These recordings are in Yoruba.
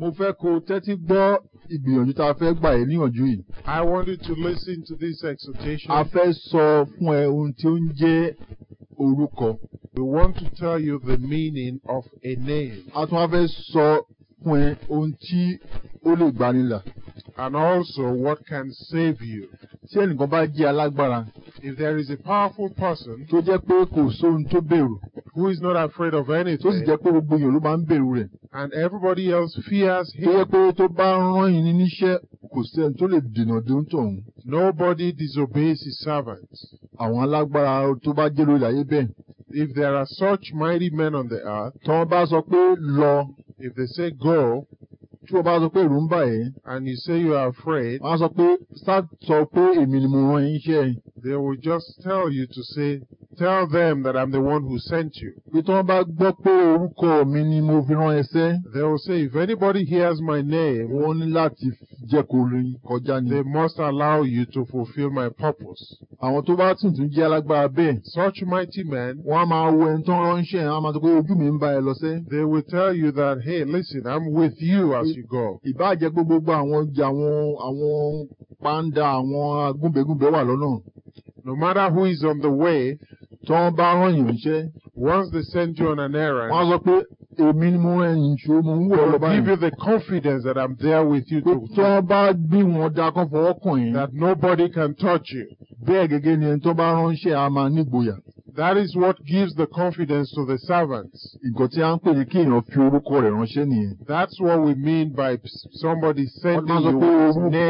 Mo fẹ́ kó tẹ́tí gbọ́ ìgbìyànjú tá a fẹ́ gbà ẹ́ níyànjú yìí. I want you to listen to this exhortation. A fẹ́ sọ fún ẹ ohun tí ó ń jẹ́ orúkọ. We want to tell you the meaning of a name. A tún wá fẹ́ sọ fún ẹ ohun tí ó lè gbanilà. And also what can save you. Tí ẹnìkan bá jẹ́ alágbára. If there is a powerful person. Tó jẹ́ pé kò sóhun tó bẹ̀rù. Who is not afraid of anything. Tó sì jẹ́ pé gbogbo èèyàn ló máa ń bẹ̀rù rẹ̀. And everybody else fears him. Tó jẹ́ pé tó bá rán yín níṣẹ́ kò sí ẹni tó lè dènà dé tọ̀hún. Nobody disobeys his servant. Àwọn alágbára tó bá jẹ́ lórí ayé bẹ́ẹ̀. If there are such mighty men on the earth. Tọ́ bá sọ pé lọ. If they say go tí wọ́n bá sọ pé ẹ̀rù ń bà ẹ́. and you say you are afraid. wọ́n á sọ pé sá sọ pé èmi ni mo rán yín iṣẹ́. they will just tell you to say Tell them that I'm the one who sent you. Bí tí wọ́n bá gbọ́ pé orúkọ mi ni mo fi rán ẹsẹ́. They will say if anybody hears my name. Wọ́n ní láti jẹ́ kó rin kọjá ni. They must allow you to fulfil my purpose. Àwọn tó bá tún tún jẹ́ alágbára bẹ́ẹ̀. Such mighty men. Wọ́n á máa wo ẹni tó ń ránṣẹ́ ẹ̀ á máa sọ pé ojú mi ń bá ẹ lọ sẹ́. They will tell you that hey listen I'm with you as you go. Ìbáàjẹ́ gbogbo àwọn àwọn àwọn pàǹdà àwọn agúnbẹ̀gúnbẹ̀ wà lọ́nà. No matter who is on the way tí wọ́n bá rán yín níṣẹ́. once they send you on an errand. wọ́n á sọ pé èmi ni mo rán yín ṣe mo ń wò ọ lọ́ba give you the confidence that I'm there with you. pé tí wọ́n bá gbé wọn dá kan fọwọ́ kàn yín. that nobody can touch you. bẹ́ẹ̀ gẹ́gẹ́ ni ẹni tó bá ránṣẹ́ a máa nígboyà. That is what gives the confidence to the servants. Nǹkan tí a ń pè ní kí èèyàn fi orúkọ rẹ̀ ránṣẹ́ nìyẹn. That's what we mean by somebody sending you Wọ́n sọ pé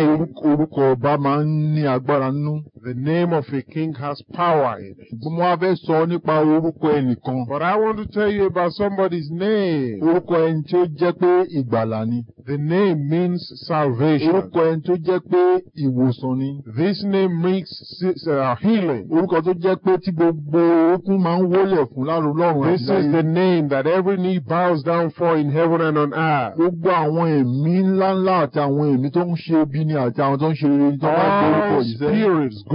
orúkọ ọba máa ń ní agbára nínú. The name of a king has power in it. mo wá fẹ́ sọ nípa orúkọ ẹnìkan. But I want to tell you about somebody's name. Orúkọ ẹni tí ó jẹ́ pé ìgbàlà ni. The name means salvation. Orúkọ ẹni tó jẹ́ pé ìwòsàn ni. This name means uh, healing. Orúkọ tó jẹ́ pé tí gbogbo okun máa ń wólẹ̀ fún láàrú lọ́rùn àti láyé. This is the name that every knee bows down for in heaven and on earth. Gbogbo àwọn ẹ̀mí ńláńlá àti àwọn ẹ̀mí tó ń ṣe ibi ni àti àwọn tó ń ṣe rere tó orúkọ yìí sẹ́yìn.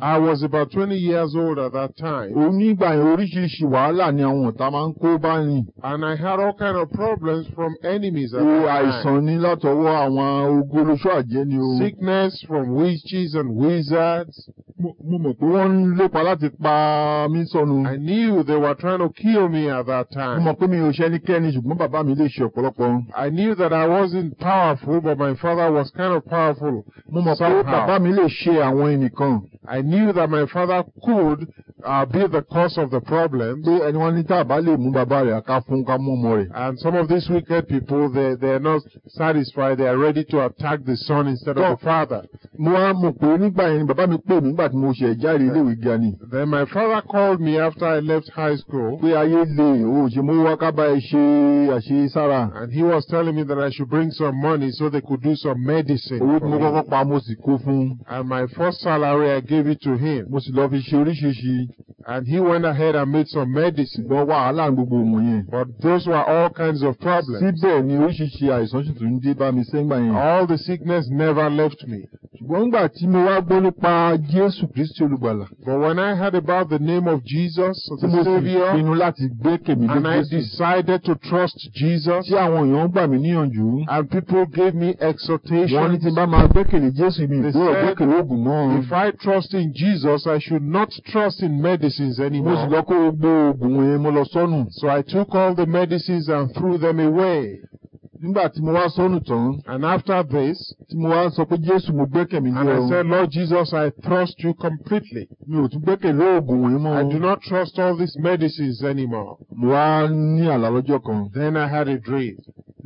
I was about twenty years old at that time. Onígbà yẹn oríṣiríṣi wàhálà ni àwọn ọ̀tá máa ń kó bá rìn. And I had all kind of problems from enemies at that time. Àìsàn ni látọwọ́ àwọn ogolóṣó àjẹ́ o. Sickness from witches and wizards. Mo mọ̀ pé wọ́n ń lépa láti pa mí sọnù. I knew they were trying to kill me at that time. Mo mọ̀ pé mi ò ṣe ẹnikẹ́ni ṣùgbọ́n bàbá mi lè ṣe ọ̀pọ̀lọpọ̀. I knew that I wasn't powerful but my father was kind of powerful. Mo mọ̀ pé bàbá mi lè ṣe àwọn ẹnìkan. I knew that my father could uh, be the cause of the problem. and some of these wicked people they they are not satisfied they are ready to attack the son instead of the father. mo then my father called me after I left high school. and he was telling me that I should bring some money so they could do some medicine. and my first salary I gave it it to him mo sì lọ fi ṣe oríṣiríṣi. and he went ahead and made some medicine. ṣùgbọ́n wàhálà gbogbo wọ̀nyẹn. but those were all kinds of problems. síbẹ̀ ni oríṣiríṣi àìsàn sì tún dé bá mi sẹ́ngbà yẹn. all the sickness never left me. Ṣùgbọ́n gbà tí mo wá gbọ́ nípa Jésù Kristi Olùgbàlà. But when I heard about the name of Jesus as a saviour. mo sì pinnu láti gbé kèmí lé Jésù. And I decided to trust Jesus. Tí àwọn èèyàn gbà mí níyànjú. And people gave me exhortation, Wọ́n ní tí bá máa gbẹ́kẹ̀lé Jésù mi ìgbó ọ̀gbẹ́kẹ̀lé ògùn náà. If I trust in Jesus, I should not trust in medicines anymore. Mo sì lọ kó gbogbo ògùn yẹn mo lọ sọ́nù. So I took all the medicines and threw them away. Nígbà tí mo wá sọnù tán. And after this. Tí mo wá sọ pé Jésù mo gbẹ́kẹ̀mí ní ọ̀run. And I said, Lord Jesus, I trust you completely. Mi ò tún gbẹ́kẹ̀lé oògùn wọ̀nyí mọ́. I do not trust all these medicines anymore. Mo wá ní àlá lọ́jọ́ kan. Then I had a dream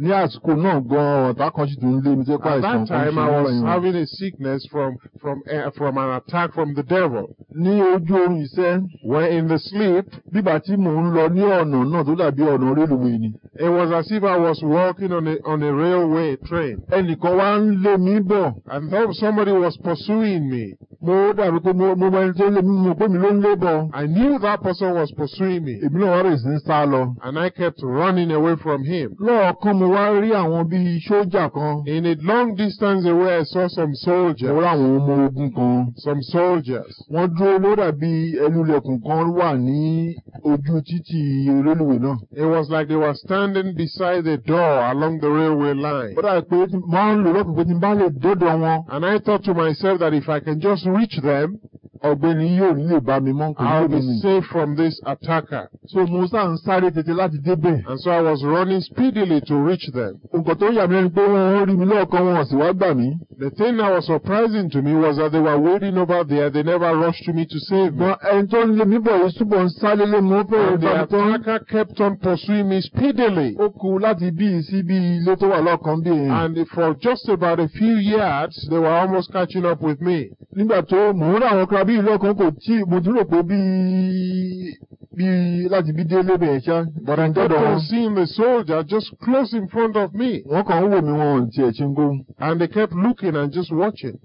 ní àsìkò náà gan ọ̀tá kan sì tún lé mi jẹ́ pa kan sí ọ̀rọ̀ at that time I was having a sickness from from uh, from an attack from the devil. ní ojú oorun iṣẹ́. when in the sleep. bíbà tí mò ń lọ ní ọ̀nà náà tó dàbí ọ̀nà rélùwé ni. it was as if I was walking on a on a railway train. ẹnìkan wá ń lé mi bọ̀. and somebody was pursuing me mo dàbí pé mo mọ ẹni tó lé mi mo pé mi ló ń lé bọ. I knew that person was pursuing me. èmi náà wá rè sí sá lọ. and I kept running away from him. lọ́ọ̀kan mo wá rí àwọn bíi sójà kan. in a long distance away I saw some soldiers. mo ráwọn ọmọ ogun kan. some soldiers. wọ́n dúró ló dàbí ẹnulẹ̀kùn kan wà ní ojú títì rélùwé náà. it was like they were standing beside the door along the railway line. ó dàbí pé máa ń lò lọ́kùnkùn tí n bá lè dọ́dọ̀ wọn. and I thought to myself that if I can just reach them ọ̀gbẹ́ni yóò ní lè bá mi mọ́ nǹkan yóò bí mi. I will be safe from this attacker. so mo sá ń sáré tètè láti débẹ̀. and so I was running speedily to reach them. nǹkan tó yà mí lẹ́nu pé wọ́n rí mi lọ́ọ̀kan wọn sì wá gbà mí. the thing that was surprising to me was that they were waiting over there they never rushed to me to save me. ẹni tó ń lé mi bọ̀ yìí túbọ̀ ń sáré lé mi ó fẹ́ rẹ̀ bá mi tán. and the attacker kept on pursuing me speedily. ó kù láti bí sí bí ilé tó wà lọ́ọ̀kan bí èèyàn. and for just about a few yards they were almost catching up with me. nígbà tó mò ń rà àwọn kíláb àbí ìlú ọkàn kò tí mo tún pé bíi bíi láti bí délé bẹ̀rẹ̀ ṣá bọ̀dà ń tọ́dọ̀ wọn. I see him a soldier just close in front of me. Wọ́n kàn ń wò mí wọn ò tiẹ̀ ṣe ń gbóhùn. And they kept looking and just watching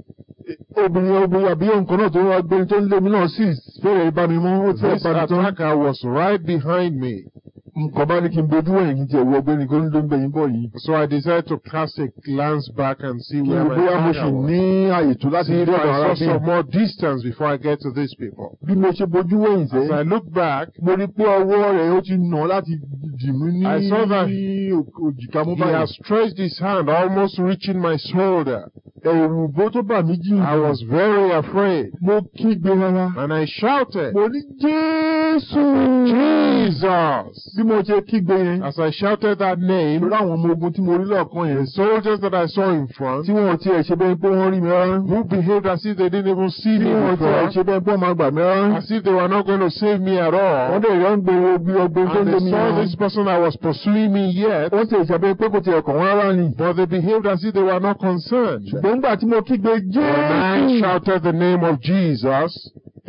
obìnrin obìnrin àbí nǹkan náà tó wá gbé tó ń lé mi náà sì fẹ́rẹ̀ bá mi tán. This attacker was right behind me. So I decided to cast a glance back and see where my father was. See if I saw some more distance before I get to these people. As I look back, I saw that he has stretched his hand almost reaching my shoulder. Ẹ̀rù bó tó bà mí jì. I was very afraid. Mo kígbe rárá. And I shouted. Mo ní Jésù. Jesus. Bí mo ṣe kígbe yẹn. As I shouted that name. Lórí àwọn ọmọ ogun tí mo rí lọ́ọ̀kan yẹn. The soldiers that I saw in front. Tí wọn ò tiẹ̀ ṣe bẹ́ẹ̀ pé wọ́n rí mi rárá. Who behaved as if they didn't even see me before. Tí wọn ò tiẹ̀ ṣe bẹ́ẹ̀ pé wọ́n máa gbà mí rárá. As if they were not going to save me at all. Wọ́n dẹ̀ yọ̀ ń gbé ogun ogun tó ń gbé mi rárá. And they saw this person that was pursuing me yet. Wọ́n ti ìṣàbẹ̀ pé kò tiẹ̀ kàn But they behaved as if they were not concerned. nígbà tí mo kígbe When I shouted the name of Jesus.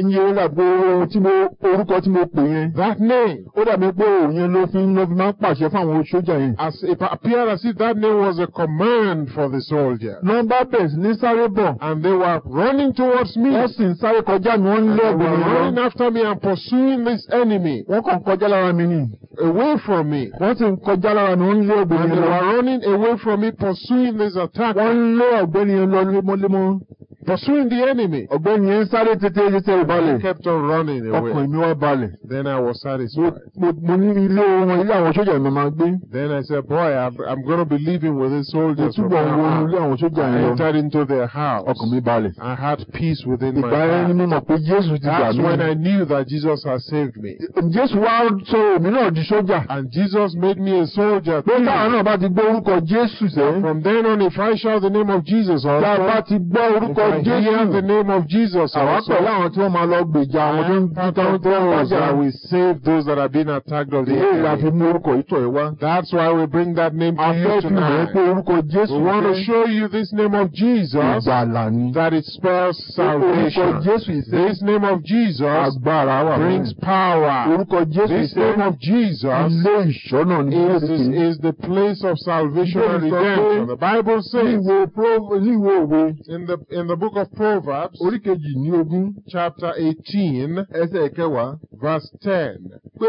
iye làbò tí mo orúkọ tí mo pè yẹn. that name. ó dàbí pé òyìn ló fi ló fi máa ń pàṣẹ fún àwọn sójà yẹn. as it appeared that name was a command for the soldier. nọ́mbà bẹ̀rẹ̀ ní sáré bọ̀. and they were running towards me. wọ́n sì ń sáré kọjá mi wọ́n ń lé ọ̀gbìn mi lọ. they were running after me and pursuing this enemy. wọ́n kàn kọjá lára mi ni. away from me. wọ́n sì ń kọjá lára mi wọ́n ń lé ọ̀gbìn mi lọ. and they were running away from me pursuing this attack. wọ́n ń lé ọ̀gbìn mi lọ lemọ́lemọ́ pursuing the enemy. ọ̀gbẹ́ni yẹn sáré tètè yẹn sẹ́yìn balẹ̀. I kept on running away. ọkàn mi wá balẹ̀. then I was satisfied. mo mo ní ilé wọn ilé àwọn sójà mi máa gbé. then I said boy I'm, I'm gonna be living with these soldiers from now mo túbọ̀ wọnú ilé àwọn sójà yẹn I entered into their house. ọkàn mi balẹ̀. I had peace within my heart. ìgbà yẹn mọ̀ pé Jésù ti gbà mí. that's when I knew that Jesus had saved me. Jésù wá sọ èmi náà di sójà. and Jesus made me a soldier pé táwọn náà bá ti gbọ́ orúkọ Jésù sẹ́yìn. from then on if I shout the name of Jesus. tá a bá ti gbọ́ orúkọ I hear the name of Jesus also. Àwọn pẹ̀lú àwọn tí wọ́n máa lọ gbèjà àwọn tó ń gbìtàn tó ń bàjẹ́. I will save those that have been attacked of the enemy. Ìyá fi mú orúkọ ìtọ̀ ẹ̀ wá. That's why we bring that name to you tonight. Afẹ́ fi hàn pé Jésù. We want to show you this name of Jesus. Ìgbàlà ni. That it spells salvation. Orúkọ Jésù ìṣe. This name of Jesus. Agbára wà. Brings power. Orúkọ Jésù ìṣe. This name of Jesus. Ilé ìṣọ́nà ni Jésù. Is the place of salvation and redemption. The Bible says. Ní ìwé in the in the book of Proverbs, orí kejì ní ogún, chapter eighteen, ẹsẹ̀ ìkẹwàá, verse ten. Pé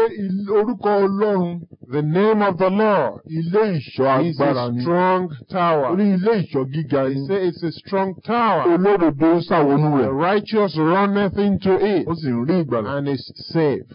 orúkọ Ọlọ́run. The name of the Lord ilé ìṣọ́ agbára ni. is a strong tower. Orí ilé ìṣọ́ gíga ni. They say it's a strong tower. Olódodo ṣàwọnú rẹ̀. The righteous runneth into it. Ó sì ń rí ìgbàlà. And is safe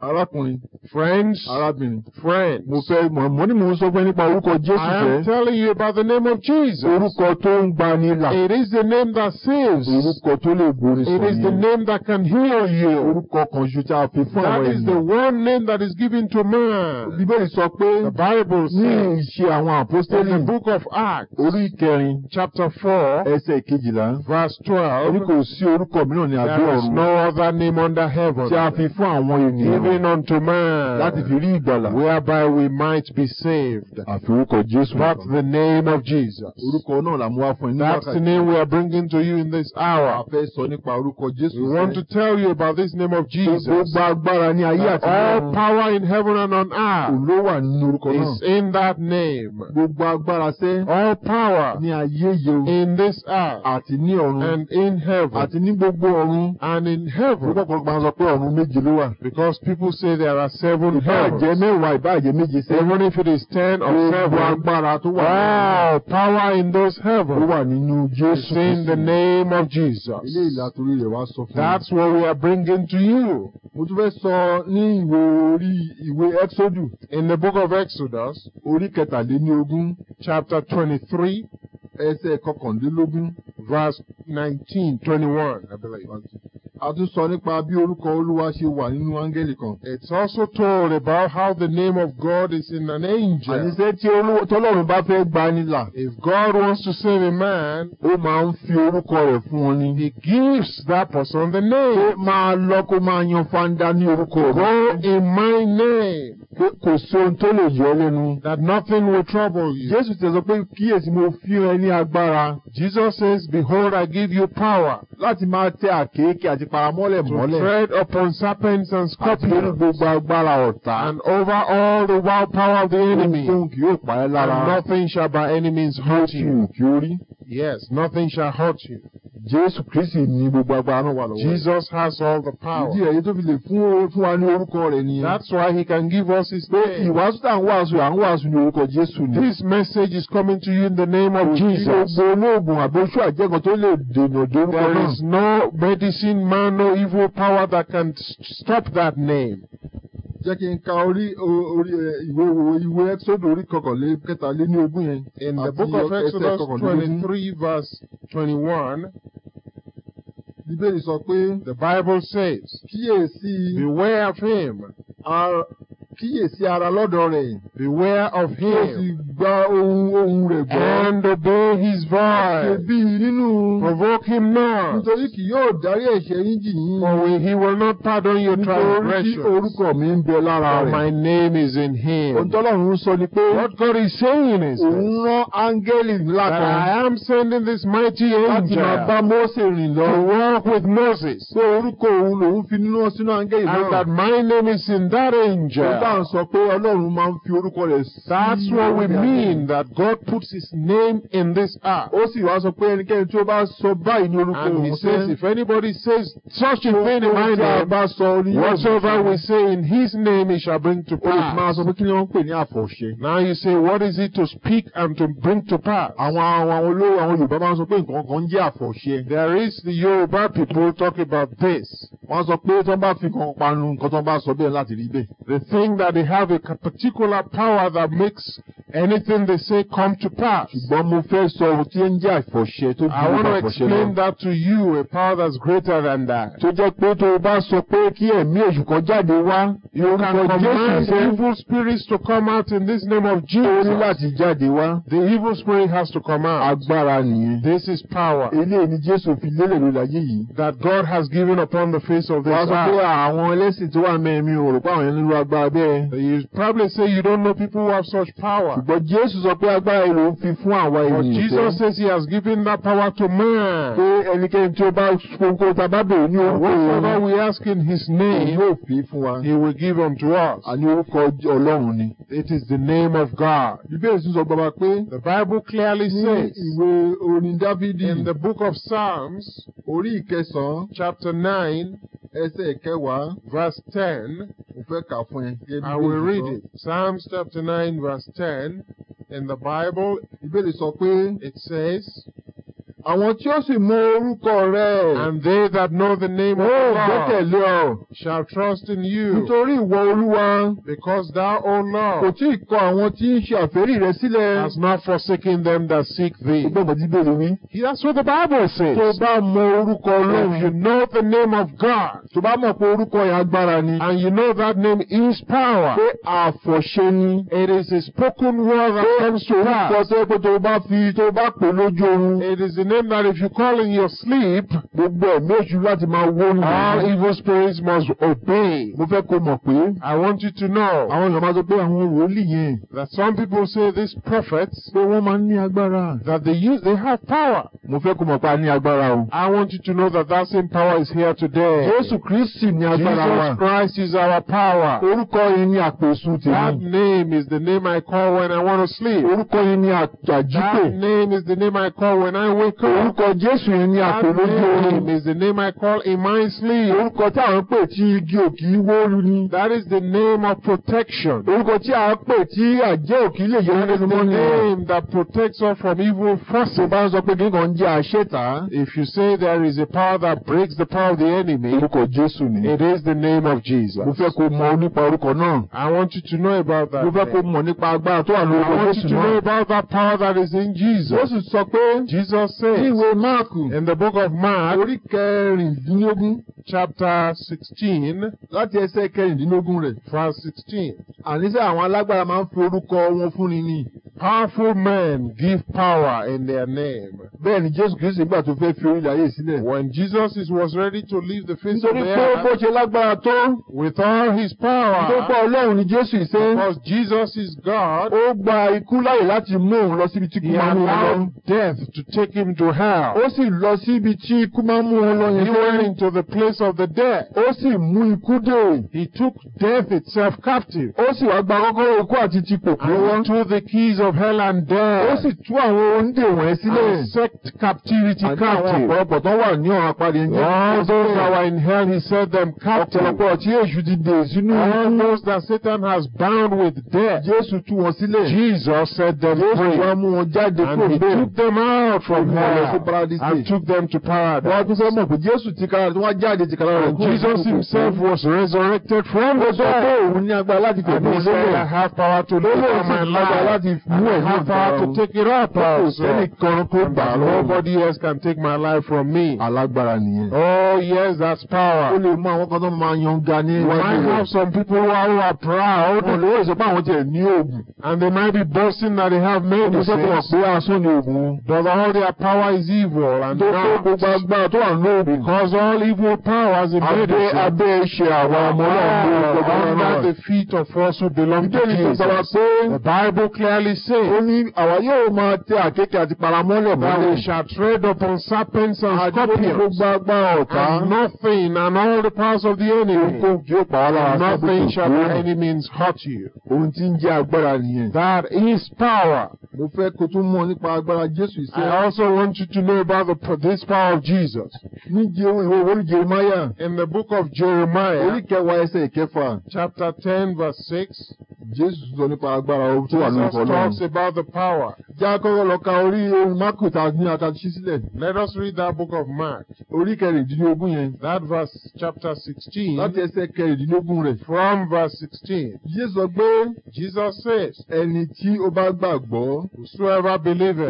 arákùnrin. friends. arábìnrin. friends. mo fẹ́ mo ní mo ń sọ fún nípa orúkọ Jésù fẹ́. I am telling you about the name of Jesus. orúkọ tó ń gbani là. it is the name that saves. orúkọ tó lè borí sọ yẹn. it is the name that can heal you. orúkọ kan ju tí a fi fún àwọn ènìyàn. that is the one name that is given to man. bíbélì sọ pé. the Bible says. ní ìṣe àwọn apostoli. in the book of Acts. orí ìkẹrin. chapter four. ẹsẹ̀ kejìlá. verse twelve. orí kò sí orúkọ mìíràn ní àbí ọ̀run. there is no other name under heaven. tí a fi fún àwọn ènìyàn calling unto man. Láti fi rí ìgbàlà. Whereby we might be saved. Àfi Jésù. That's the name of Jesus. Orúkọ náà la wá fún yín. That's the name we are bringing to you in this hour. A fẹ́ sọ nípa orúkọ Jésù. We want to tell you about this name of Jesus. Gbogbo agbára ní ayé àti ọ̀run. All power in heaven and on earth. Olówó wà nínú orúkọ náà. Is in that name. Gbogbo agbára sẹ́. All power. Ní ayé yẹn. In this earth. Àti ní ọ̀run. And in heaven. Àti ní gbogbo ọ̀run. And in heaven. Nígbà kan gbàgbọ́ pé ọ̀run méje ló wà. Because people people say there are seven hells. Even if it is ten or seven. Gbogbo agbára tó wà power in those heavens. Ó In the name of Jesus. That's what we are bringing to you. In the book of Exodus. Chapter twenty-three. Ẹsẹ̀ Verse nineteen twenty-one I believe a tún sọ nípa bí orúkọ olúwa ṣe wà nínú áńgẹ́lì kan. it's also told about how the name of God is in an angel. àníṣe tí tọ́lọ́run bá fẹ́ gbani là. if God wants to save a man. ó máa ń fi orúkọ rẹ̀ fún ọ ni. he gives that person the name. ó máa lọ kó máa yan fanda ní orúkọ rẹ̀. go in my name. kò sí ohun tó lè yọ lẹ́nu. that nothing will trouble you. Jésù tẹ̀sán pé kíyèsí mo fi ẹ ní agbára. Jesus says behold I give you power. láti máa tẹ àkéékè àti paramọ́lẹ̀ mọ́lẹ̀. to tread upon serpents and scorpions. àti gbogbo agbára ọ̀tá. and over all the wild power of the enemy. ohun kì yóò pa ẹ́ lára. and nothing shall by any means hurt you. ohun kì yóò rí. yes nothing shall hurt you. Jésù Kristi ní gbogbo agbára náà wà lọ́wọ́. Jesus has all the power. Ìdí ẹ̀yẹ tó fi lè fún fún wa ní orúkọ rẹ̀ nìyẹn. That's why he can give us his name. Ìwàásù tá à ń wàásù à ń wàásù ní orúkọ Jésù ni. This message is coming to you in the name of Jesus. Gbogbo olóògùn àbóṣù àjẹgàn tó lè dènà dórúkọ náà. There is no medicine man, no evil power that can stop that name jẹ́ kí n ka orí orí ìwé ìwé Exodus orí kọkànlé kẹtàlé ní ogún yẹn. in the book of Exodus twenty-three verse twenty-one. Bíbélì sọ pé. The Bible says. Kíyèsí. Beware of him. Are kíyèsí ara lọ́dọ̀ rẹ̀. beware of him. kí o sì gba ohun ohun rẹ̀ gbọ́. and obey his voice. àti bí nínú. provoke him not. nítorí kì yóò dárí ẹ̀ṣẹ̀ yín jì yín. for he will not pardon your transgression. nítorí kí orúkọ mi ń bẹ lára rẹ̀. for my name is in him. ohun sọ ni pé. what God is saying is. òun rán áńgẹ́lì ńlá kan. that I am sending this mighty angel. láti máa bá Mósè rìn lọ. to walk with Moses. pé orúkọ òun lòun fi nínú sínú áńgẹ́lì náà. and that my name is in that angel. Bàbá sọ pé Ọlọ́run máa ń fi orúkọ rẹ̀ sí. That's what we mean that God puts his name in this earth. Ó sì wá sọ pé ẹnikẹ́ni tí ó bá sọ báyìí ní orúkọ òun. And he says if anybody says such a thing in my name whatsoever we say in his name he shall bring to pass. Máa sọ pé kí ni wọ́n ń pè ní àfọ̀ṣẹ. Now you say what is it to speak and to bring to pass? Àwọn àwọn olówó àwọn Yorùbá máa ń sọ pé nǹkan kan jẹ́ àfọ̀ṣẹ. There is the Yoruba people talk about this. Wọ́n sọ pé tí wọ́n bá fi kan panu nǹkan tí wọ́n bá sọ bẹ́ẹ̀ láti rí bẹ́ẹ̀. The thing that they have a particular power that makes Anything they say come to pass. Ṣùgbọ́n mo fẹ́ sọ ohun tí ń jẹ́ àfọ̀ṣẹ tó bí àfọ̀ṣẹ náà. I want to explain that to you a power that's greater than that. Tó jẹ́ pé tó o bá sọ pé kí ẹ̀mí èṣù jáde wá. You can command the evil spirits to come out in this name of Jesus. Ó ní láti jáde wá. The evil spirit has to come out. Agbára nìyẹn. This is power. Eléyìí ni Jésù fi lélẹ̀ lórí ayé yìí. That God has given upon the face of this earth. Wàá sọ pé àwọn ẹlẹ́sìn tó wà mẹ́rin mi rò pé àwọn ẹni ló agbára bẹ́ẹ̀. You probably say you don't know people who have such power power. Ṣùgbọ́n Jésù sọ pé agbára yìí ń fi fún àwa ènìyàn. But Jesus says he has given that power to man. Pé ẹnikẹ́ni tí ó bá kókó tá a bá bèrè ní orúkọ yẹn. Whatever we ask in his name. Yóò fi fún wa. He will give unto us. Àní orúkọ Ọlọ́run ni. It is the name of God. Bíbélì sísọ bàbá pé. The Bible clearly says. ìwé orin Dávidi. In the book of Psalms. Orí ìkẹsàn-án. Chapter nine ẹsẹ̀ kẹwàá verse ten mo fẹ́ kà fún ẹ. I will read it Psalms chapter nine verse ten in the Bible. Ìbéèrè sọ pé it says. Àwọn tí ó sì mọ orúkọ rẹ̀. And they that know the name of the Lord. Ó gbẹ́kẹ̀lé ọ. Shall trust in you. Nítorí ìwọ Olúwa. Because thou, O Lord. Kò tí ì kọ àwọn tí ń ṣe àfẹ́rí rẹ sílẹ̀. Has not forsaken them that seek thee. Gbogbo ìgbàdí bèrè mi. That's what the Bible says. Tó bá mọ orúkọ Ọlọ́run. If you know the name of God. Tó bá mọ̀ pé orúkọ yẹn agbára ni. And you know that name is power. Pé àfọ̀ṣe ni. It is a spoken word that comes to pass. Pé orúkọ tó bá fi tó bá pè lójú oorun. It is the name. Meaning that if you call in your sleep, gbogbo ẹ̀mí èṣù láti máa wó lù. All evil spirits must obey. Mo fẹ́ kó mọ̀ pé. I want you to know. Àwọn èèyàn máa sọ pé àwọn wòlíì yẹn. That some people say these prophets. Pé wọ́n máa ń ní agbára. That they use they have power. Mo fẹ́ kó mọ̀ pé a ní agbára o. I want you to know that that same power is here today. Jésù Kristì ní agbára wa. Jesus Christ is our power. Orúkọ yìí ni àpò tèmi. That name is the name I call when I want to sleep. Orúkọ yìí ni àjípè. That name is the name I call when I wake up. Orúkọ Jésù yẹn ni àpò lójú oorun. That is the name I call in my sleep. Orúkọ tí à ń pè tí igi òkì wóoru ni. That is the name of protection. Orúkọ tí à ń pè tí àjẹ́ òkì lè yẹ nínú mọ́ ni. That is the name that protects us from evil forces. Tó bá ń sọ pé kí nǹkan jẹ́ àṣetà. If you say there is a power that breaks the power of the enemy. Orúkọ Jésù ni. It is the name of Jesus. Mo fẹ́ kó mọ nípa orúkọ náà. I want you to know about that. Mo fẹ́ kó mọ nípa agbára tó wà lórúkọ Jésù náà. I want you to know about that power that is in Jesus. Jésù sọ pé. Jesus said. Níwe Máàkù. In the book of Mark. Orí kẹrìndínlógún. Chapter sixteen. Láti ẹsẹ̀ kẹrìndínlógún rẹ̀. Verse sixteen. Àníṣe àwọn alágbára máa ń fi orúkọ wọn fúnni ní. Powerful men give power in their name. Bẹ́ẹ̀ni Jésù Kristi nígbà tó fẹ́ fi orílẹ̀ ayé sílẹ̀. When Jesus is, was ready to leave the face of the earth. Nítorí pé bó ṣe lágbára tó. With all his power. Tó pa Ọlọ́run ni Jésù ṣe. Because Jesus is God. Ó gba ikú láyè láti mú òun lọ síbi tí kú máa ń lọ. He allowed death to take him to hell. Ó sì lọ sí tí ikú máa mú wọn lọ yẹn. He went into the place of the dead. Ó sì mú ikú dè. He took death itself captive. Ó sì wá gba kọ́kọ́rọ́ ikú àti ti kòkó wọn. And threw the keys of hell and death. Ó sì tú àwọn oúnjẹ wọ̀nyẹn sílẹ̀. And set captivity captive. Àti àwọn ọ̀pọ̀lọpọ̀ tó wà ní ọ̀run apáde ní. All those that were in hell he set them captive. Ọ̀pọ̀lọpọ̀ tí Èṣù ti dè sínú. All those that Satan has bound with death. Jésù tú wọn sílẹ̀. Jesus set them free. Jésù wá mú wọn jáde kúrò bẹ́ẹ̀. And he took them out from hell. Ah. Paradise. And took them to paradise. Wọ́n tún sọ mọ̀ pé Jésù ti kára wọ́n jáde ti kára rẹ̀. Jesus himself was resurrected from the dead. Ó òun ní agbára láti tẹ̀lé olóòwò. And he said I have power to live on my life. Olóòwò láti mú ẹ̀ ní ìgbà power to take it up. Ẹnìkan kò gbà lọ́wọ́. Nobody else can take my life from me. Alágbára nìyẹn. Oh yes, that's power. Ó lè mú àwọn kan tó máa yan ga ní might have some people who are, proud. Wọ́n lè sọ pé àwọn tiẹ̀ ní oògùn. And they might be boasting that they have medicine. Ó sọ pé wọ́n pé aṣọ ni oògùn. Does all their power power is evil and dark. tó gbogbo agbára tó wà ní òògùn. because all evil powers in medicine. abẹ́ abẹ́ ṣe àwọn ọmọ ah, náà ní ọgbọ́n náà. under the feet of us who belong to Jesus. the Bible clearly says. ó ní àwa yóò máa tẹ àkékè àti paramọ́lẹ̀ mọ́. that we shall tread upon serpents and scorpions. àdúgbò gbogbo agbára ọ̀tá. and nothing and all the powers of the enemy. kò kí pa wá lára. nothing shall by any means hurt you. ohun tí ń jẹ́ agbára nìyẹn. that is power. mo fẹ́ kó tún mọ̀ nípa agbára Jésù ìṣe. I also want want you to know about the, this power of Jesus. In the book of Jeremiah. Chapter 10, verse 6. Jesus talks about the power. Let us read that book of Mark. That verse chapter 16. From verse 16, Jésù sọ Jesus says. Ẹni tí ó bá gbàgbọ́. Whosoever believeth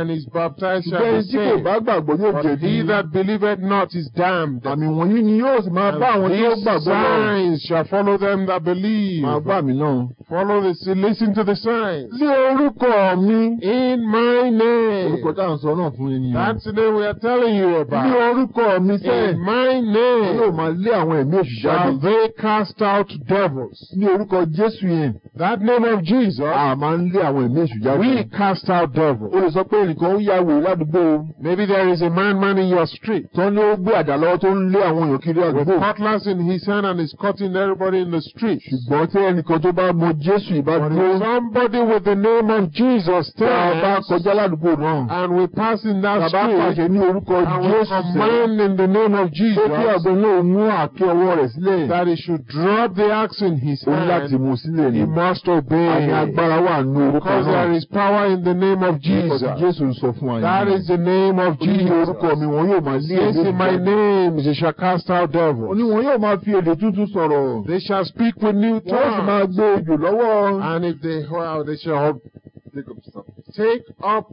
and is baptized shall be saved. Ṣùgbọ́n tí kò bá gbàgbọ́ yóò jẹ̀bi. But he that believeth not is damned. Àmì wọ̀nyí ni yóò sì máa bá àwọn tí ó gbàgbọ́ náà. And these signs shall follow them that believe. Máa bá mi náà. Follow the listen to the signs. Ní orúkọ mi. In my name. Orúkọ tá à ń sọ náà fún ènìyàn. That's the name we are telling you about. Ní orúkọ mi sẹ́yìn. In my name. Yóò máa lé àwọn ẹ̀mí òṣìṣẹ́ jáde. Shall they cast out devils? Ní orúkọ Jésù yẹn. That name of Jesus. A máa ń lé àwọn ẹ̀mí òṣìṣẹ́ jáde. We cast out devils. O lè sọ pé Israel kan ó ya wò ládùúgbò. Maybe there is a man man in your street. Tó ní ó gbé àdá lọ́wọ́ tó ń lé àwọn èèyàn kiri àgbo. With cutlass in his hand and is cutting everybody in the street. Ṣùgbọ́n tí ẹnìkan tó bá mọ Jésù ìbá dúró. Somebody with the name of Jesus tell us. Bàbá kọjá ládùúgbò náà. And we pass in that street. Bàbá pàṣẹ ní orúkọ Jésù. And we command in the name of Jesus. Ṣé kí àgbẹ̀ náà mú àáké ọwọ́ rẹ̀ sílẹ̀? That he should drop the axe in his hand. Ó láti mú sílẹ̀ ni. He must obey. Àmì agbára wà nù orúkọ náà. Because there is power in the name of Jesus. Jésù ń sọ fún wa yìí. That is the name of Jesus. Oníyìí orúkọ mi wọn yóò máa lé èdè. Yes, my name is shall cast out wọn yóò máa fi èdè tuntun sọ̀rọ̀. They shall speak with new tongues. Wọ́n sì máa gbé ejò lọ́wọ́. And if they, well, they shall take up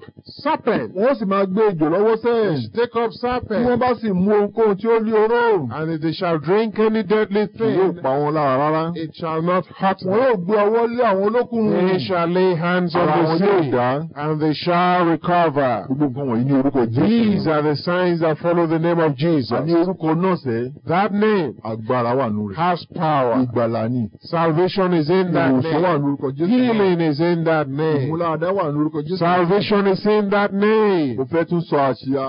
serpent. wọ́n sì máa gbé ejò lọ́wọ́ sẹ́ẹ̀. they should take up serpent. tí wọ́n bá sì mú ohunkóhun tí ó lé olóòrùn. and they shall drink any deadly thing. yóò pa wọn lára rárá. it shall not hurt them. wọ́n yóò gbé ọwọ́ lé àwọn olókùnrin. they shall lay hands on the sick. àwọn yóò dá. and they shall recover. gbogbo nǹkan wọ̀nyí ní orúkọ Jésù. these are the signs that follow the name of Jesus. àní orúkọ náà sẹ́. that name. agbára wà nù rẹ̀. has power. ìgbàlà ni. salvation is in that name. ìwòsàn wà nù orúkọ Jésù. healing is in that name. ìmúlá Ìgbàlà wà lórúkọ Jésù. Salvation is in that name. Mo fẹ́ tún sọ àṣìyà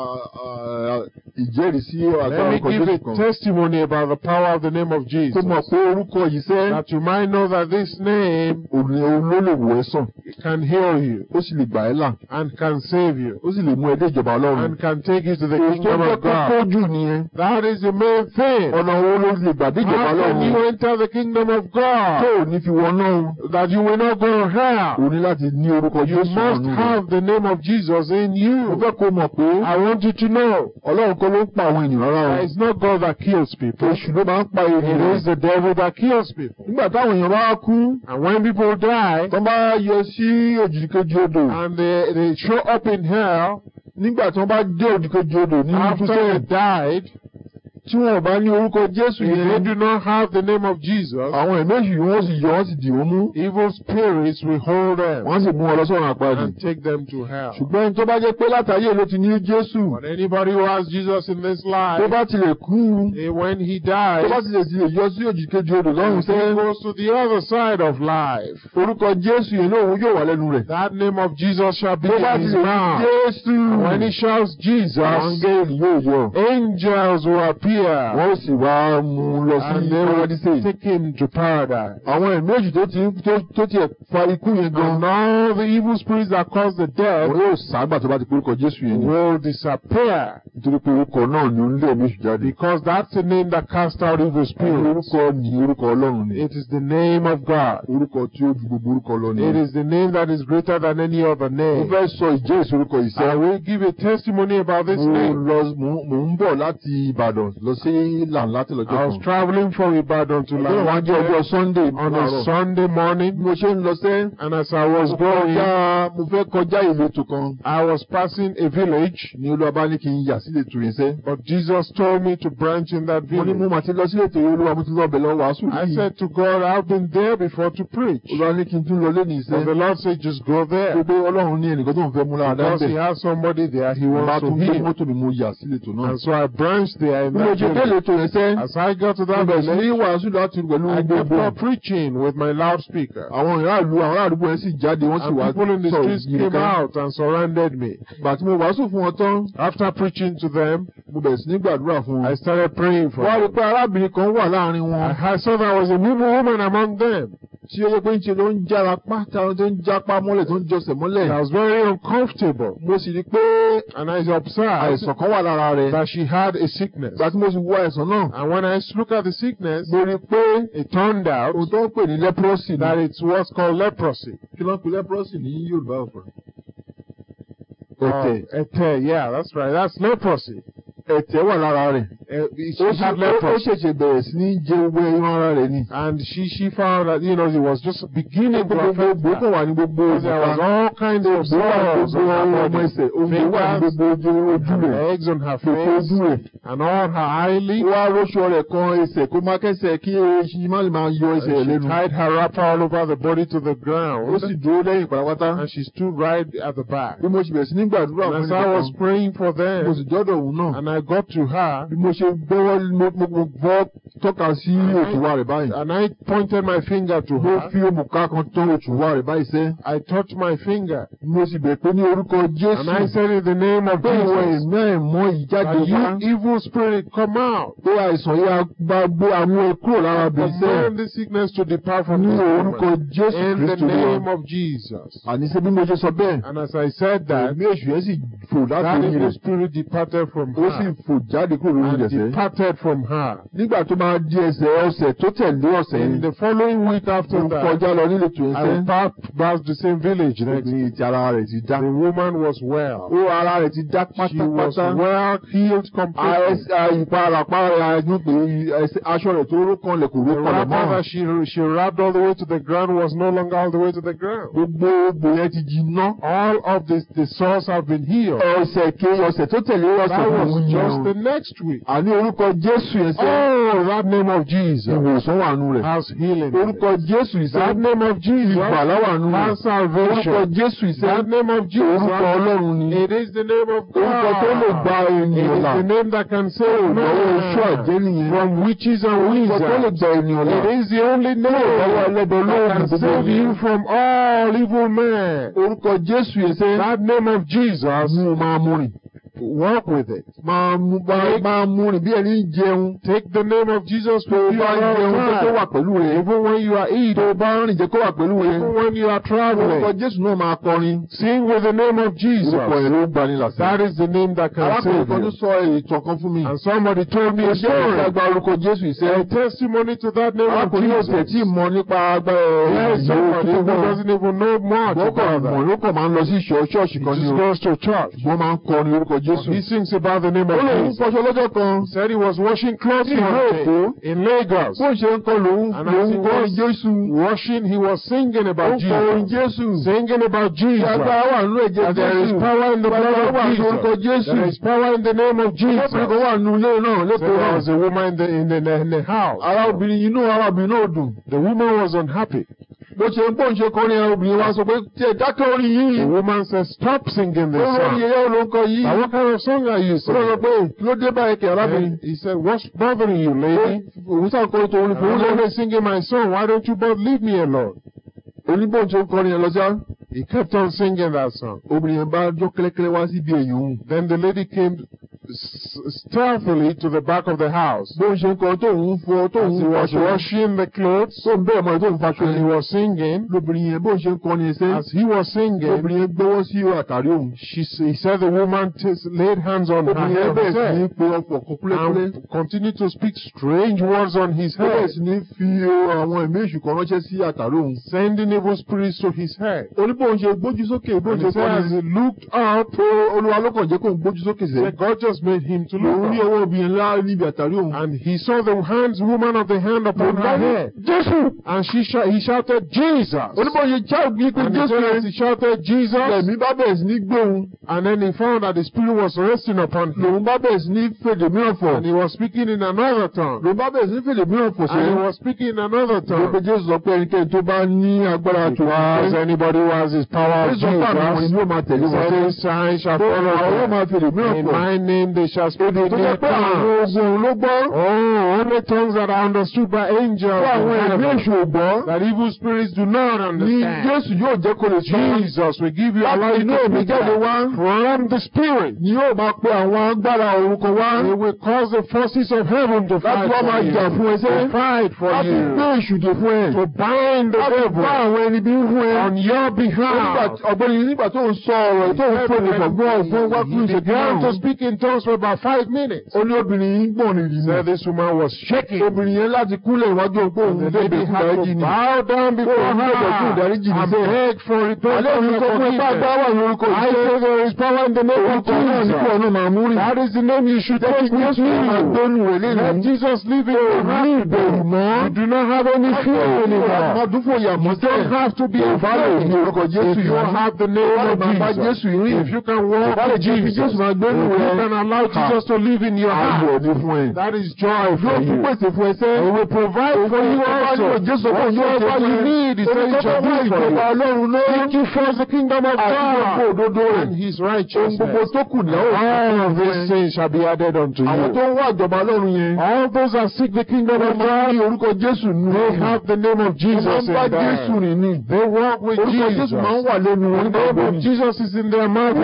ìjẹ́rìísí agbára orúkọ kan. Let me give a testimony about the power of the name of Jesus. Kó mọ̀ pé orúkọ yìí sẹ́. That you might know that this name. Òun ló lè Can heal you. Ó sì lè gbà ẹ́ là. And can save you. Ó sì lè mú ẹ ìjọba Ọlọ́run. And can take you to the kingdom of God. Òṣèlú kókó jù nìyẹn. That is the main thing. Ọ̀nà wo ló lè gbà dé ìjọba Ọlọ́run? How can you enter the kingdom of God? Tó o ní fi wọnú. That you will not go hell. O ní láti ní orúkọ orúkọ Jésù nínú rẹ. You must have the name of Jesus in you. Mo fẹ́ kó mọ̀ pé. I want you to know. Ọlọ́run kọ́ ló ń pa àwọn ènìyàn rárá o. It's not God that kills people. Oṣù ló máa ń pa ènìyàn. It is the devil that kills people. Nígbà táwọn èèyàn bá kú. And when people die. Tó bá yọ sí òjìkejì odò. And they they show up in hell. Nígbà tí wọ́n bá dé òjìkejì odò After they died tí wọn bá ní orúkọ Jésù yẹn. they do not have the name of Jesus. àwọn ẹ̀mí èṣù sì yọ wọ́n sì dì wọ́n mú. evil spirits will hold them. wọ́n sì mú wọn lọ sọ́run àpáàdì. and take them to hell. ṣùgbọ́n ẹni tó bá jẹ́ pé látàyè ló ti ní Jésù. but anybody who has Jesus in this life. Eh, tó bá tilẹ̀ kú. when he dies. tó bá tilẹ̀ tilẹ̀ yọ sí òjì kejì odò lọ́run sẹ́. he goes to the other side of life. orúkọ Jésù yẹn lóhun yóò wà lẹ́nu rẹ̀. that name of Jesus shall be his mouth. tó bá tilẹ̀ Jésù. when he shouts Jesus. angels will appear. Hallelujah. Wọ́n sì wá mú lọ sí paradise. And they were taken to paradise. Àwọn ẹ̀mí tó ti tó ti fa ikú yẹn gan. And all the evil spirits that caused the death. Wọ́n yóò sábà tó bá ti porúkọ Jésù yẹn. Will disappear. Nítorí pé orúkọ náà ni ó ń lé ẹ̀mí jáde. Because that's the name that cast out evil spirits. Orúkọ ni orúkọ Ọlọ́run ni. It is the name of God. Orúkọ tí ó ju gbogbo orúkọ lọ ni. It is the name that is greater than any other name. Mo fẹ́ sọ ìjẹ́ ìsorúkọ ìṣe. I will give a testimony about this name. Mo lọ mo ń bọ̀ láti Ìbàdàn lọ lọ sí làǹlà tí lọ́jọ́ kan. I was travelling from Ibadan to Lagos Wọ́n jẹ́ ọjọ́ Sunday. On a Sunday morning. Mo ṣe ń lọ sẹ́. And as I was going. Mo fẹ́ kọjá ìletò kan. I was passing a village. Ní Olúwa bá ní kí n yà sí ìletò yẹn sẹ́. But Jesus told me to branch in that village. Mo ní mo mà ti lọ sí ìletò yẹn Olúwa mo ti lọ bẹ̀ lọ wàásù. I said to God I have been there before to preach. Olúwa ní kí n tún lọ lé nìyí sẹ́. But the Lord said just go there. Gbogbo Ọlọ́run ní ẹnìkan tó ń fẹ́ mú lára dáńbẹ̀. Because he has somebody there he wants to heal. Bá tún gbé mọ́tò mi mo yà sí ìletò náà. And so I branched there in that délé tó rẹ̀ As I got to that place, ní wàásù láti pẹ̀lú gbogbo. I kept on preaching with my loudspeaker. Àwọn ará ìlú àwọn ará àdúgbò yẹn sì jáde wọ́n sì wá sọ yìí ká. And people in the streets came out and surrounded me. Bàtí mo wàásù fún wọn tán. After preaching to them, mo bẹ̀rẹ̀ sí ní gbàdúrà fún wọn. I started praying for them. Wọ́n rí pé arábìnrin kan wà láàrin wọn. I saw there was a woman among them tí ó pé ń ló ń jára pátá tó ń jápá mọ́lẹ̀ tó ń jọsẹ̀ mọ́lẹ̀. she was very uncomfortable. mo sì rí pé. and I observed. àìsàn kan wà lára rẹ̀. that she had a sickness. gbàtí mo sì wo àìsàn náà. and when I look at the sickness. mo rí pé. it turned out. o tó ń pè ní leprosy. that it's what's called leprosy. kí ló ń pè leprosy ní Yorùbá òfin. ètè. ètè yeah that's right that's leprosy ẹ̀tẹ̀ wà lára rẹ̀. ó ṣẹ̀ṣẹ̀ bẹ̀rẹ̀ sí ní jẹ owó ẹran ara rẹ̀ ni. and she she found that you know it was just beginning to affect her. gbogbo gbogbo wà ní gbogbo ojú. there was all kinds of sores on her body fingers and eggs on her face and all her eyelids. wá wọṣọ rẹ̀ kan ẹsẹ̀ kó má kẹsẹ̀ kí eṣin má lè máa yọ ẹsẹ̀ lẹ́nu. she tied her wrapper all over the body to the ground. ó sì dúró lẹ́yìn pátápátá. and she stood right at the back. bí mo ṣe bẹ̀rẹ̀ sí ní gbàdúrà as I was praying for them. and I I got to her. Bí mo ṣe gbọ́wọ́ mo mo gbọ́ tọ́ka sí òtúwà rẹ̀ báyìí. And I pointed my finger to her. Mo fi òmùká kan tọ́ òtúwà rẹ̀ báyìí sẹ́. I touched my finger. Mo sì bẹ̀ pé ní orúkọ Jésù. And I said in the name of Jesus. Pé ìwọ ẹ̀mí ẹ̀mọ́ ìjáde wá. And you evil spirit come out. Pé àìsàn yà gba gbé àwọn kúrò lára bẹ̀ sẹ́. Command the sickness to depart from this woman. Ní orúkọ Jésù Kristu wa. In the name of Jesus. Àní ṣe bí mo ṣe sọ bẹ́ẹ̀. And as I said that. Èmi èṣù yẹn sì fò láti That evil spirit departed from her fò jáde kúrò lórí ìjẹsẹ̀. and departed from her. nígbà tó máa di ẹsẹ̀ ọ̀sẹ̀ tó tẹ̀lé ọ̀sẹ̀ yìí. in the following week after that. kọjá lọ nílé tó ẹsẹ̀. and passed past the same village next. ní ti ara rẹ̀ ti dá. the woman was well. ó ara rẹ̀ ti dá pátápátá. she was well healed completely. ìparapara ẹnu pé aṣọ rẹ̀ tó ró kanlẹ̀ kò ró kanlẹ̀ mọ́. the rather she she rubbed all the way to the ground was no longer all the way to the ground. gbogbo ogbò yẹn ti jiná. all of the the sores have been healed. ọ̀sẹ̀ kejì ọ̀sẹ̀ tó tẹ̀lé ọ̀sẹ̀ òun just the next week. àní orúkọ Jésù yẹn sẹ́. oh that name of Jesus. ìwòsàn wà nù rẹ̀. has healing. orúkọ Jésù yìí sẹ́. that name of Jesus. ìgbàlà wà nù rẹ̀. has salvation. orúkọ Jésù yìí sẹ́. that name of Jesus. orúkọ Ọlọ́run ni. it is the name of God. orúkọ tó lè gba ènìyàn là. it is the name that can save man. oṣù àjẹ́ nìyẹn. from witches and wizards. orúkọ tó lè gba ènìyàn là. it is the only name. lọ́wọ́ ẹlẹ́dọ̀ lóògùn gbogbo. that can save you from all evil men. orúkọ Jésù yìí sẹ́. that name of Jesus. mú máa múrin. Walk with it. Máa mú máa Take the name of Jesus to be Even when you are eating. Even when you are traveling. Orúkọ Jésù náà máa Sing with the name of Jesus. That is the name that can save you. And somebody told me a story. Ó jẹ́ ìgbàgbọ́ orúkọ Jésù A testimony to that name of Jesus. Alákòókò yóò tẹ̀ tí mọ doesn't even know much about that. Bọ́kọ̀ mọ̀ ló kọ̀ just goes to church. Wọ́n máa ń kọrin Jésù. He sings about the name of Jesus. Ó lòun lọ́jọ́ kan. He said he was washing clothes one day. In Lagos. Bó ṣe ń kọ lòun lòun kọ Jésù. Washing he was singing about Jesus. Ó kọ orin Jésù. Singing about Jesus. Ṣàgbá wà nínú ẹ̀jẹ̀ Jésù. there is power in the blood of Jesus. Orúkọ Jésù. There is power in the name of Jesus. Ọkùnrin kan wà nínú ilé náà lẹ́kọ̀ọ́ náà. There was a woman in the in the, house. Ara obìnrin inú ara náà dùn. The woman was unhappy bó ṣe ń bóun ṣe kọrin obìnrin wa sọ pé tí ẹ dákẹ́ orin yìí. the woman says, stop singing this song. olórí ẹyọ ló ń kọ yìí. àwọn kan song are you singing. olórí pé ló dé báyìí kẹ arábìnrin. he said what's bothering you lady. òun sàn kọrin tó orin fún un. I'm only singing my song why don't you both leave me alone. oníbóun ṣe ń kọrin ẹ lọ sí He kept on singing that song. Obìnrin bá jó kẹ́lẹ́kẹ́lẹ́ wá síbi èyí. Then the lady came stealthily to the back of the house. bó ń ṣe nǹkan tó ń fọ tó ń wọṣọ. as he was washing the clothes. tó ń bẹ́ẹ̀ mọ́ ẹ tó ń faṣọ. and he was singing. lóbìnrin yẹn bó ṣe nǹkan ni ṣe. as he was singing. lóbìnrin yẹn gbọ́wọ́ sí àtàrí òun. she he said the woman laid hands on her head. obìnrin yẹn bẹ́ẹ̀ sì ní pe ọ̀pọ̀ kún kúlẹ̀kúlẹ̀. and continued to speak strange words on his head. bẹ́ẹ̀ sì ní fi àwọn ẹ̀mí èṣù kan ránṣẹ́ sí àtàrí òun. sending evil spirits to his head. oníbó ṣe gbójú sókè bó ń ṣe and he said as he looked up. olúwa ló kàn jẹ́ kó ń gbójú sókè sẹ́yìn. God just was made him to look on. And he saw the hands woman of the hand upon her head. Jésù. And she sh he shouted Jesus. And the Pharisees shouted Jesus. And then he found that the spirit was resting upon him. And he was speaking in another tongue. And he was speaking in another tongue. Lópe anybody has his power of Jesus. In my name they shall speak the new tongue. Oh, only tongues that are understood by angels. That evil spirits do not understand. Jesus will give you a light from the Spirit. They will cause the forces of heaven to fight for you. To fight for you. To bind the devil on your behalf. Ọ̀gbẹ́ni nígbà tó ń sọ ọ̀rọ̀ tó ń fò ní ọgbọ́n ọ̀gbọ́n wá fún ìṣègùn. You want to speak in tongues goes for about five minutes. ó ní obìnrin yìí gbọ̀n ní yìí. said this woman was shaking. obìnrin yẹn láti kúnlẹ̀ iwájú òpó òun bèbè fún ìdáríjì ni. bow down before her. bèbè fún ìdáríjì ni. and beg for repentance. alẹ́ òun kò fún ipá gbáwà ní I say there is power in the name of Jesus. orúkọ náà ní máa mú rí. that is the name you should take with you. àdónù wẹ̀lẹ̀ ní. let Jesus live in your heart. ìbẹ̀rù mọ́. you do not have any fear anymore. àmọ́dúnfò yàmọ́ sẹ́yìn. you don't have to be afraid. orúkọ Jésù yìí. have the name of Jesus. if you can walk with Jesus allow Jesus to live in your heart. Ayọ̀ That is joy for you. Yóò fún pèsè fún He will provide for you also. Jésù kò yóò ṣe fún ẹ. Olùkọ́ bá ìjọba Ọlọ́run Thank you for the kingdom of God. And his righteousness. All of these things shall be added unto you. All those that seek the kingdom of God. Wọ́n ní orúkọ Jésù nù. They have the name of Jesus in their. They walk with Jesus. Orúkọ The name of Jesus is in their mouth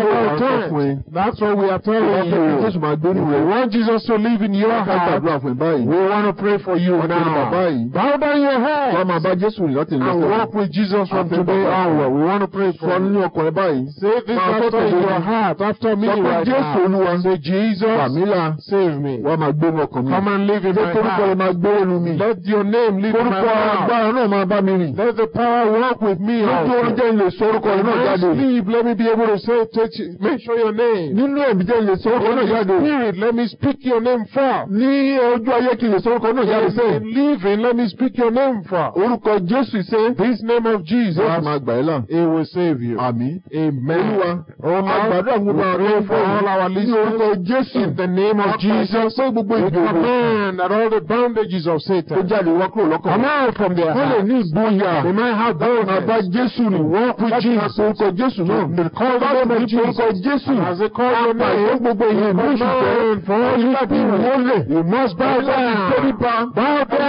That's what we are telling you soul. Jésù gbé nínú We want Jesus to live in your heart. We want to pray for you now. Ọkùnrin bàbá yìí. Bow down your head. Wọ́n máa bá Jésù rìn láti ìlú. And walk with Jesus from today onward. We want to pray for you. Sọ nínú ọkùnrin báyìí. Say this after me. your heart after me right now. Sọ pé Jésù Olúwa. Say Jesus. Bàmílà. Save me. Wọ́n máa gbé ọkàn mi. Come and live in my heart. Ṣé orúkọ rẹ máa gbé olú mi? Let your name live in my heart. Orúkọ agbára náà máa bá mi rìn. Let the power work with me also. Nítorí jẹ́ ilé sọ náà jáde. When I sleep, let me be able to say, make sure your name. Nínú ẹ̀mí jẹ́ ilé sọ náà Spirit let me speak your name far. Ní ojú ayé kí lè sọ́kọ náà jáde sẹ́yìn. In living let me speak your name far. Orúkọ Jésù ṣe. This name of Jesus. Wọ́n á máa gbà ẹ́ là. He will save you. Àmín. Amen. Olúwa. Ọmọ àgbàdo àwọn ọmọ rẹ̀ fún all our listeners. Ní orúkọ Jésù. In the name of Jesus. Sọ gbogbo ìdòwò. Amen. At all the bondages of Satan. Ó jáde wá kúrò lọ́kàn. Come out from their heart. Wọ́n lè ní ìgboyà. They might have boldness. Báwo ni a bá Jésù ni wọ́n pín Jésù? Láti àpò orúkọ Jésù náà. Báwo ni a bá orúkọ Jésù? Àṣekọ́ ló náà. Àpàyé gbogbo ìyá you must obey. Follow his people. You must bow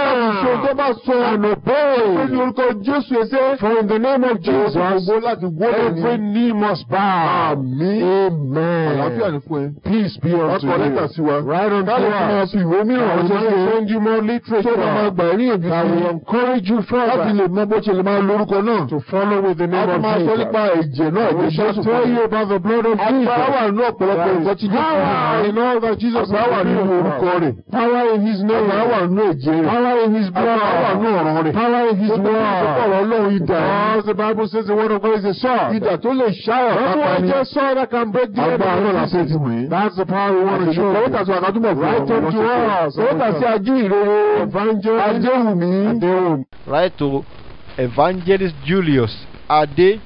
ṣe tó bá sọ ọ̀nà bóyè. Ṣé ní orúkọ Jésù ẹsẹ̀? For in the name of Jesus, gbogbo láti wó lẹ́nu. Every knee must bow. Àmín. Amen. Àlàáfíà ni fún ẹ. Peace be unto you. Right on to us. Káàdì máa fi ìwé mìíràn wọ́n ṣe é. Send you more literature. Tó máa gbà rí èdè fún I encourage you further. Láti lè mọ bó ṣe lè máa lórúkọ náà. To follow with the name of Jesus. A máa sọ nípa ẹ̀jẹ̀ náà. We shall tell you about the blood of Jesus. Àgbà wà nínú ọ̀pọ̀lọpọ̀ nǹkan tí Jésù. Power in all that Jesus. Power in His name. Power in his name. Àgbà wà nínú ẹ̀jẹ̀ Power Power in his blood. Agbára wà ní ọ̀rọ̀ Power in his blood. As the Bible says the word of God is a sword. Idà only lè That's I just saw that can break the enemy. That's the power we want to show. Kọ̀wétà sí Akadúmọ̀ Right unto us. Kọ̀wétà sí Ajú do? Evangelist. Adéhùnmí. Adéhùn. Right to Evangelist Julius Adé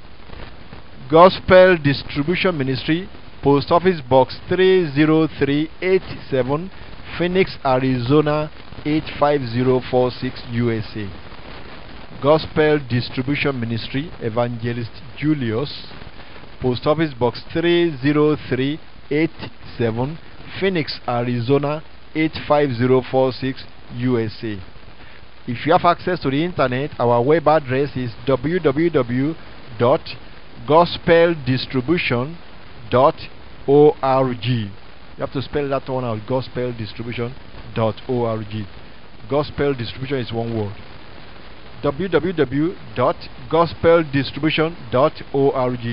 Gospel Distribution Ministry. Post Office Box 30387 Phoenix, Arizona 85046 USA. Gospel Distribution Ministry, Evangelist Julius, Post Office Box 30387, Phoenix, Arizona 85046 USA. If you have access to the internet, our web address is www.gospeldistribution.org. You have to spell that one out, gospeldistribution.org. Gospel distribution is one word. www.gospeldistribution.org.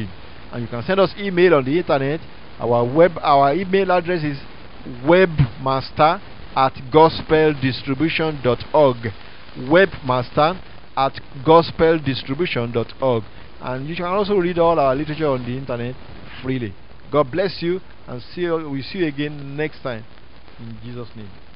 And you can send us email on the internet. Our web our email address is webmaster at gospeldistribution.org. Webmaster at gospeldistribution.org. And you can also read all our literature on the internet freely. God bless you and see you, we see you again next time in Jesus name.